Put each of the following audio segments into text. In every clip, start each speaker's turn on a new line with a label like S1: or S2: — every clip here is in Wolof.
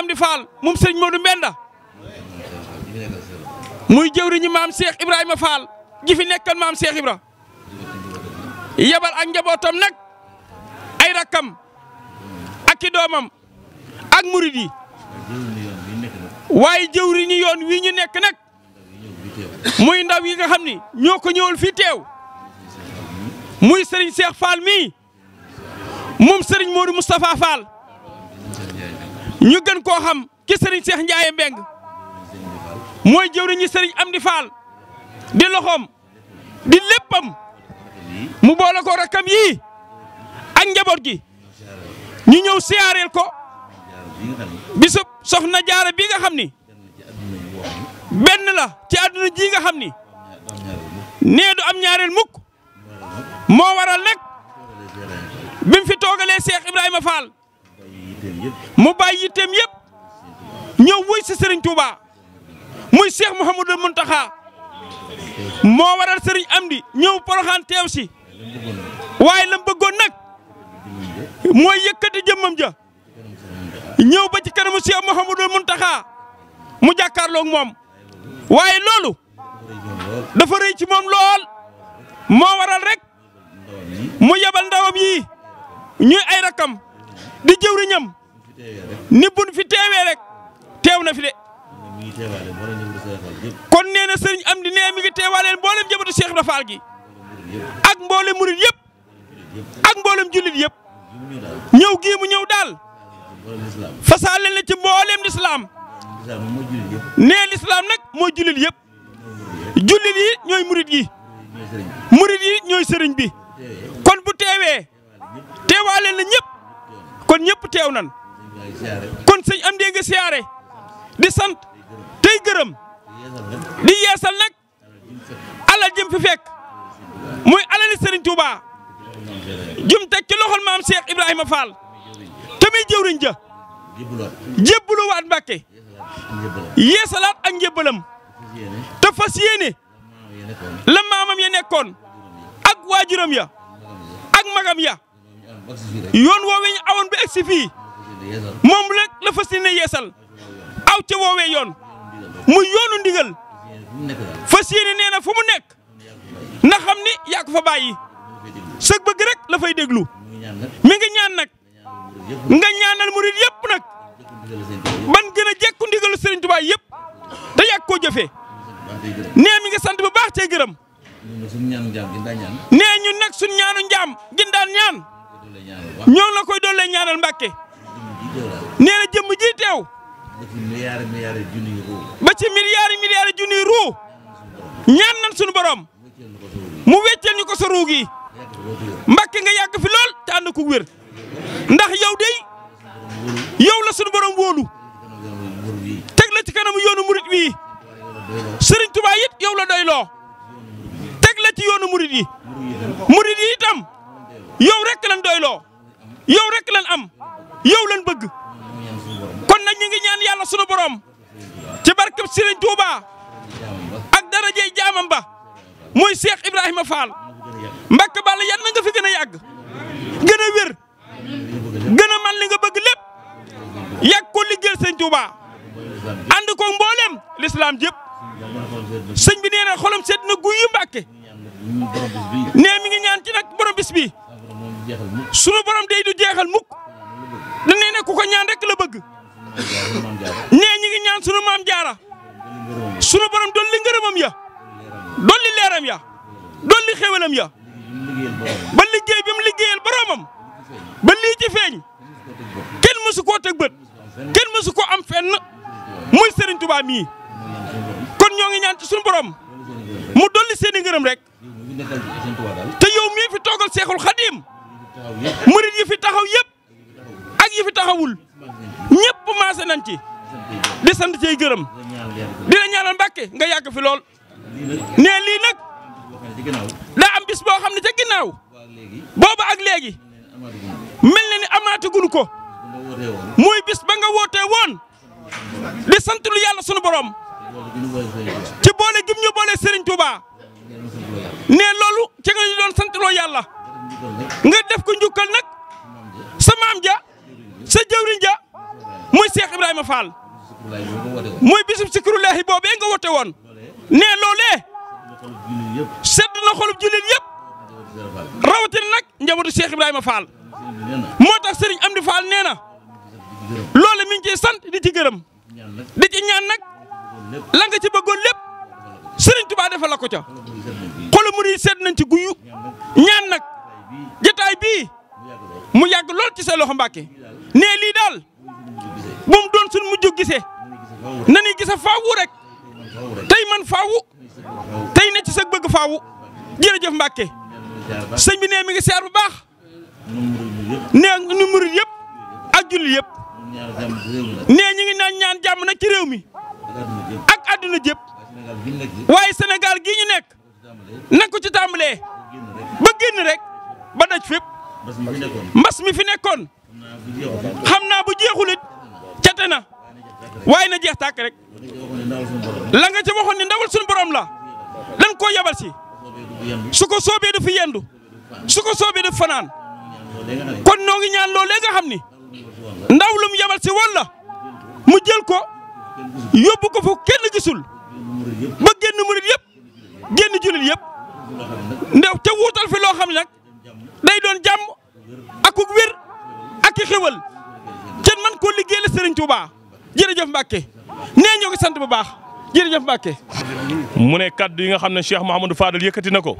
S1: Amdi Fall sëñ Modou Mbenda muy jëwriñu maam Cheikh Ibrahima Fall ji fi nekkal maam Cheikh Ibra yebal ak njabootam ay rakkam ak doomam ak murid yi waaye jëwriñu yoon wi ñu nekk nag muy ndaw yi nga xam ni ñoo ko ñëwal fii teew muy sëriñ Cheikh Fall mii moom sëriñ Modou Moustapha Fall. ñu gën koo xam ci sëriñ Cheikh Ndiaye Mbeng mooy jëwriñu sëriñ Amdi Fall di loxoom di léppam mu boole ko rakkam yii ak njaboot gi ñu ñëw siyaareel ko bisub soxna jaara bi nga xam ni benn la ci àdduna ji nga xam ni nee du am ñaareel mukk moo waral nag bi mu fi toogalee Cheikh Ibrahima Fall mu bàyyi yitteem yëpp ñëw wuy si Serigne Touba muy Cheikh Mouhamadul Mountakha moo waral Serigne Amdi ñëw Porokhane teew si waaye lam bëggoon nag mooy yëkkati jëmmam ja ñëw ba ci kanamu Cheikh Mouhamadul Mountakha mu jàkkaarloog moom waaye loolu dafa rëy ci moom lool moo waral rek mu yebal ndawam yi ñuy ay rakam. di jëwriñam ni buñ fi teewee rek teew na fi de. kon nee na sëriñ am di nee mi ngi teewaaleen mboolem jabatu Cheikh Ibra Fall gi ak mboolem murit yëpp ak mboolem jullit yëpp ñëw gii mu ñëw daal fasaale na ci mboolem lislaam nee lislaam nag mooy jullit yëpp jullit yi ñooy murit yi murit yi ñooy sëriñ bi kon bu teewee teewaaleen na ñëpp kon ñëpp teew nan kon sëñ am dee nga siyaare di sant tey gërëm di yeesal nag alal jëm fi fekk muy alali Serigne Touba jum teg maam Cheikh Ibrahima Fall te muy jëwriñ ja jébbaluwaat Mbàkke yeesalaat ak njébbalam te fas yéene la maamam ya nekkoon ak waajuram ya ak magam ya yoon woowee ñu awoon ba egsi fii moom rek la fas yéene yeesal aw ca woowee yoon muy yoonu ndigal fas yéene nee na fu mu nekk na xam ni yaa ko fa bàyyi sëg bëgg rek la fay déglu mi ngi ñaan nag nga ñaanal murid yëpp nag ban gën a jekku ndigalu Serigne Touba yëpp te yàgg koo jëfee nee mi ngi sant bu baax tey gërëm nee ñun nag suñu ñaanu njaam gindaan ñaan ñoo la koy doole ñaanal Mbàkke nee na jëmm ji teew ba ci milliards milliards junni ruu ñaan nan suñu borom mu weccel ñu ko sa ruu Mbàkke nga yàgg fi lool te ànd ko wér ndax yow dey yow la suñu borom wóolu teg la ci kanamu yoonu murit wii Sëriñ Tuubaa it yow la doyloo teg la ci yoonu murit yi murit yi itam yow rek lan doyloo yow rek lan am yow lan bëgg kon nag ñu ngi ñaan yàlla sunu borom ci barkeb Sëriñ Tuuba ak darajey jaamam ba muy Cheikh Ibrahima Fall Mbàkke Balla yan na nga fi gën a yàgg gën a wér gën a man li nga bëgg lépp yàgg ko liggéeyal Sëriñ Tuuba ànd ko mboolem lislaam jëpp sëñ bi nee na xolam sedd na guy yu Mbàkke mi ngi ñaan ci nag borom bis bi sunu borom day du jeexal mukk dañ nee ku ko ñaan rek la bëgg nee ñi ngi ñaan sunu maam jaara sunu borom dolli ngërëmam ya dolli leeram ya dolli xewalam ya ba liggéey bi mu liggéeyal boromam ba lii ci feeñ kenn mësu koo bët kenn mësu am fenn muy Serigne Touba kon ñoo ngi ñaan ci sunu borom mu dolli seen i ngërëm rek te yow mii fi toogal Seexul Xadiim murit yi fi taxaw yëpp ak yi fi taxawul ñëpp maase nañ ci di sant cey gërëm di la ñaanal Mbàkke nga yàgg fi lool nee lii nag daa am bis boo xam ne ca ginnaaw booba ak léegi mel na ni amaatagul ko muy bis ba nga wootee woon di sant lu yàlla sunu borom ci boole gim ñu boole Serigne Touba nee loolu ci nga doon sant loo yàlla. nga def ko njukkal nag sa maam ja sa jëwriñ ja mooy Cheikh Ibrahima Fall muy bisub sikrullahi boobee nga wote woon ne loolee sedd na xolub jullit yëpp rawatina nag njabootu Cheikh Ibrahima Fall moo tax Serigne Amdi Fall nee na loole mi ngi ciy sant di ci di ci ñaan nag la nga ci bëggoon lépp Serigne Touba defal la ko ca xolu sedd nañ ci guyu ñaan nag. jotaay bii mu yàgg lool ci sa loxo Mbàkke nee lii daal bu mu doon suñ mujj gisee na ni gisa faawu rek tey man faawu tey ne ci sa bëgg faawu jërëjëf Mbàkke sëñ bi nee seer bu baax nee nu yépp yëpp ak julli yëpp nee ñi ngi naan ñaan jàmm nag ci réew mi ak àdduna jëpp waaye Sénégal gii ñu nekk ko ci tàmbalee ba génn rek ba daj fépp mbas mi fi nekkoon xam naa bu jeexulit cate na waaye na jeex tàkk rek la nga ca waxoon ni ndawal suñu borom la dañ koo yabal si su ko soobee du fi yendu su ko soobee du fanaan kon noo ngi ñaan loolee nga xam ni ndaw yabal si woon la mu jël ko yóbbu ko fu kenn gisul ba génn murit yëpp génn julit yëpp ndew te wuutal fi loo xam ne nag day doon jàmm akuk wér ak i xéwal man koo liggéey sëriñ Serigne Touba
S2: jërëjëf Mbacke nee ñoo sant bu baax jërëjëf Mbacke. mu ne kaddu yi nga xam ne Cheikh Mouhamadou Fadal yëkkati na ko.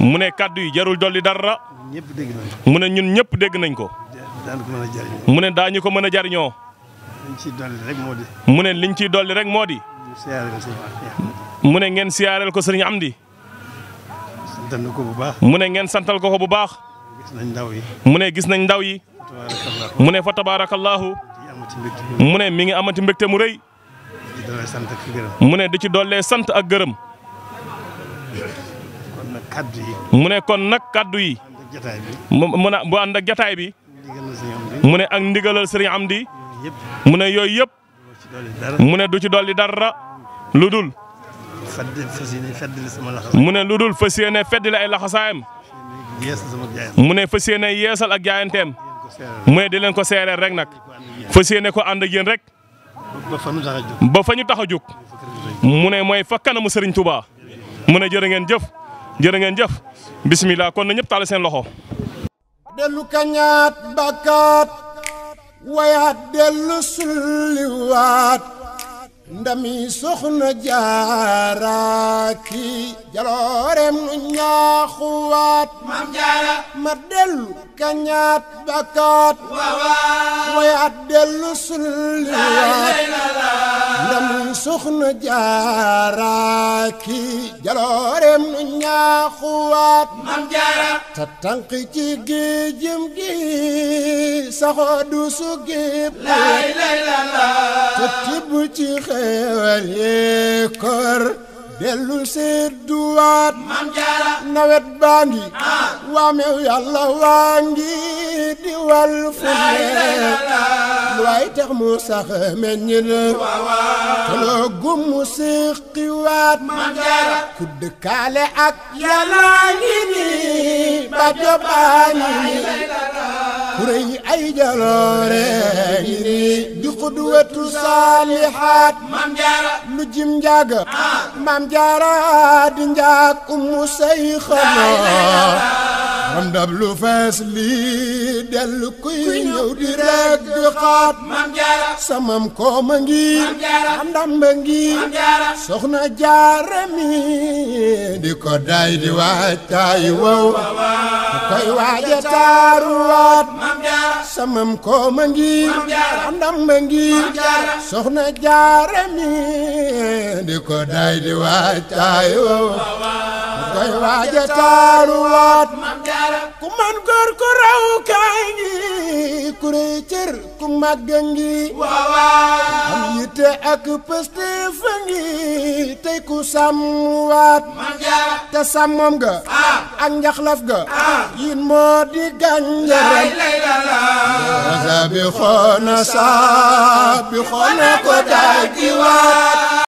S2: mu ne kaddu yi jarul dolli dara. mu ne ñun ñëpp dégg nañ ko. mu ne daañu ko mën a jariñoo. mu ne liñ ciy dolli rek moo di. mu ne ngeen siyaareel ko sëriñ di santal ko bu baax. mu ne ngeen santal ko ko bu baax.
S3: gis nañ yi.
S2: mu ne gis nañ ndaw yi. mu ne fa tabaarakallaahu. mu ne mi ngi amati mbégte mu rëy. mu ne di ci dollee sant ak gërëm. mu ne kon nag kaddu yi. mu ne bu ànd ak jataay bi. mu ne ak ndigalal sëriñ Amdi. mu ne yooyu yëpp. mu ne dolli dara lu dul. mu ne lu dul fas yéene feddali ay laxasaayam. mu ne fas yéene yeesal ak jaayanteem. mu ne di leen ko seereel rek nag. fa yéene ko ànd ak yéen rek. ba fa ñu tax a mu ne mooy fa kanamu Serigne Touba. mu ne jërë ngeen jëf. jërë ngeen jëf. bismillah kon na ñëpp taal seen loxo.
S3: dellu kañaat bakkaat wayaat dellu sulliwaat ndami soxna jaaraaki jaloorem nu ñaaxuwaat mam jaara ma dellu kañaat bakaat wawaat wayaat dellu sulliwaat am soxna jaara ki jaloorem nu ñaaxuwaat mam jaara ta tànk ci géejëm gi saxoo du su géeb
S1: lay lay la
S3: la te tibb ci xeewal yee kor dellu sedduwaat mam jaara nawet baa ngi ah. waamew yàlla waa ngi di wal fu waay tax mu sax meññ la kaloo gum mu séqi waat maam jaara ku dëkkaale ak yàlla ngi ba jobaani ku rëy ay jaloore ngi nii di xudwatu saalihaat maam jaara lu jim njaaga ah. maam jaara di njaag ummu say xamoo man dab lu fees lii dellu kuy ñëw di rek di xaat samam kooma ngi andam ba ngi soxna jaara mi di ko day di waajtaay wow koy waaja taaru waat samam kooma ngi andam ba ngi soxna jaara mi di ko day di waajtaay wow koy waaja taaruwaat ku man góor ku raw kaa ngi ku rëy cër ku màgga ngi am yitte ak pëste fa ngi tey ku sàmmwaat te sàmmam ga ak ga yin moo di gànjaram wasa bi xoona saa xoona ko daajiwaat